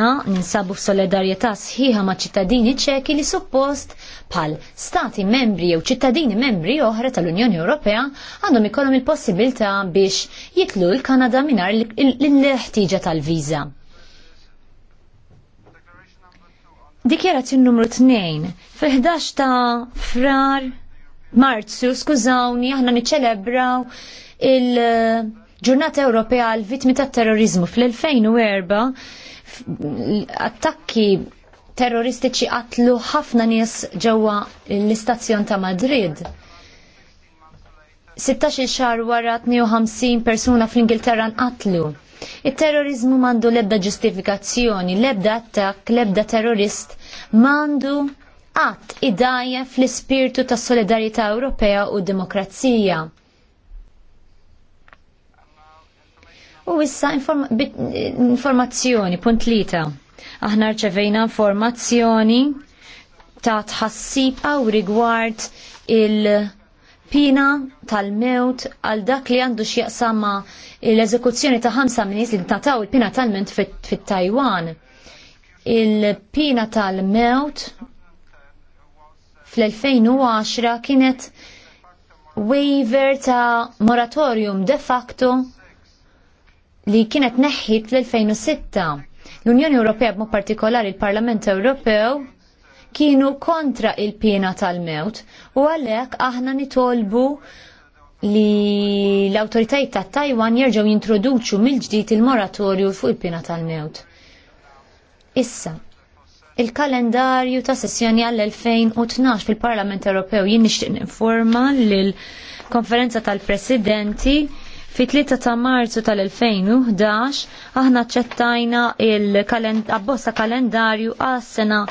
ħafna ninsabu f'solidarjetà sħiħa ma' ċittadini ċeki li suppost bħal stati membri jew ċittadini membri oħra tal-Unjoni Ewropea għandhom ikollhom il-possibilità biex jitlu l-Kanada minar l-ħtiġa tal-viża. Dikjerazzjoni numru 2 fil-11 ta' frar Marzu, skużawni, aħna niċċelebraw il- ġurnata Ewropea għal vittmi tat terrorizmu fl-2004 attakki terroristiċi qatlu ħafna nies ġewwa l-istazzjon ta' Madrid. 16 xahar wara 52 persuna fl-Ingilterra nqatlu. Il-terrorizmu mandu lebda ġustifikazzjoni, lebda attak, lebda terrorist, mandu għat id-dajja fl-ispirtu ta' solidarieta Ewropea u demokrazija. U issa informazzjoni, punt lita. Aħna rċevejna informazzjoni ta' tħassib għaw rigward il-pina tal-mewt għal dak li għandu x'jaqsama l-eżekuzzjoni ta' ħamsa minis li tataw il-pina tal-mewt fit-Tajwan. Il-pina tal-mewt fl-2010 kienet waiver ta' moratorium de facto li kienet neħħit l 2006 L-Unjoni Ewropea b'mod partikolari l-Parlament Ewropew kienu kontra il-pena tal-mewt u għalhekk aħna nitolbu li l-autoritajiet ta' Taiwan jerġgħu jintroduċu mill-ġdid il-moratorju fuq il-pena tal-mewt. Issa, il-kalendarju ta' sessjoni għall-2012 fil-Parlament Ewropew jien nixtieq informa lill konferenza tal-Presidenti Fit-3 ta' Marzu tal-2011 aħna ċettajna il-abbozza kalendarju għas-sena